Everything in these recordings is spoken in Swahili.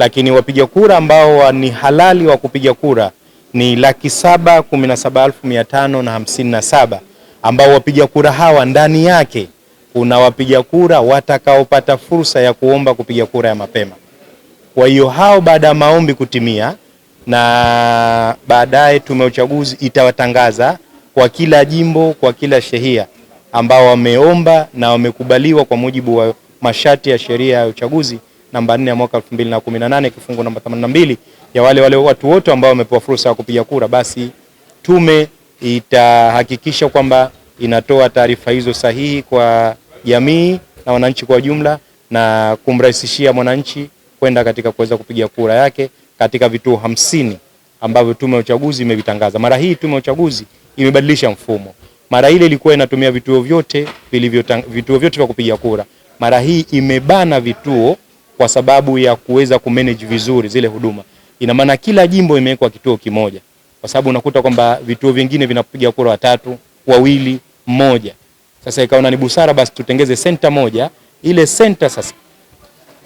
lakini wapiga kura ambao ni halali wa kupiga kura ni laki saba kumi na saba elfu mia tano na hamsini na saba ambao wapiga kura hawa ndani yake kuna wapiga kura watakaopata fursa ya kuomba kupiga kura ya mapema. Kwa hiyo hao baada ya maombi kutimia, na baadaye tume ya uchaguzi itawatangaza kwa kila jimbo, kwa kila shehia ambao wameomba na wamekubaliwa kwa mujibu wa masharti ya sheria ya uchaguzi namba 4 ya mwaka 2018 kifungu namba 82 ya wale wale watu wote ambao wamepewa fursa ya kupiga kura, basi tume itahakikisha kwamba inatoa taarifa hizo sahihi kwa jamii na wananchi kwa jumla na kumrahisishia mwananchi kwenda katika kuweza kupiga kura yake katika vituo hamsini ambavyo tume ya uchaguzi imevitangaza. Mara hii tume ya uchaguzi imebadilisha mfumo. Mara ile ilikuwa inatumia vituo vyote vilivyo vituo vyote vya kupiga kura. Mara hii imebana vituo kwa sababu ya kuweza kumanage vizuri zile huduma. Ina maana kila jimbo imewekwa kituo kimoja, kwa sababu unakuta kwamba vituo vingine vinapiga kura watatu, wawili, mmoja. Sasa ikaona ni busara basi tutengeze senta moja. Ile senta sasa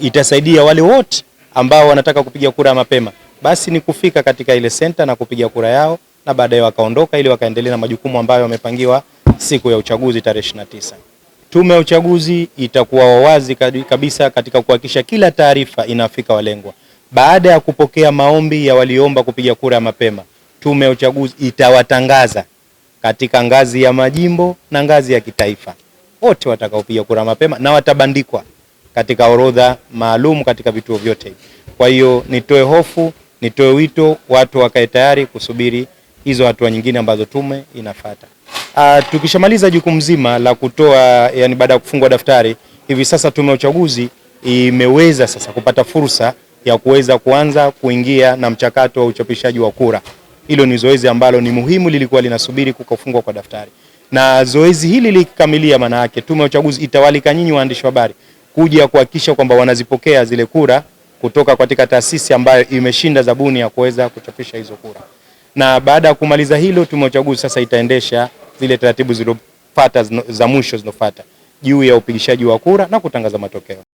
itasaidia wale wote ambao wanataka kupiga kura mapema, basi ni kufika katika ile senta na kupiga kura yao, na baadaye wakaondoka ili wakaendelea na majukumu ambayo wamepangiwa siku ya uchaguzi tarehe 29. Tume ya Uchaguzi itakuwa wazi kabisa katika kuhakikisha kila taarifa inafika walengwa. Baada ya kupokea maombi ya waliomba kupiga kura mapema, Tume ya Uchaguzi itawatangaza katika ngazi ya majimbo na ngazi ya kitaifa wote watakaopiga kura mapema, na watabandikwa katika orodha maalum katika vituo vyote. Kwa hiyo nitoe hofu, nitoe wito, watu wakae tayari kusubiri hizo hatua nyingine ambazo tume inafata Uh, tukishamaliza jukumu zima la kutoa yani, baada ya kufungwa daftari, hivi sasa tume ya uchaguzi imeweza sasa kupata fursa ya kuweza kuanza kuingia na mchakato wa uchapishaji wa kura. Hilo ni zoezi ambalo ni muhimu, lilikuwa linasubiri kukafungwa kwa daftari, na zoezi hili likikamilia, maana yake tume ya uchaguzi itawalika nyinyi waandishi wa habari kuja kuhakikisha kwamba wanazipokea zile kura kutoka katika taasisi ambayo imeshinda zabuni ya kuweza kuchapisha hizo kura, na baada ya kumaliza hilo, tume ya uchaguzi sasa itaendesha zile taratibu zilizopata za mwisho zinofuata juu ya upigishaji wa kura na kutangaza matokeo.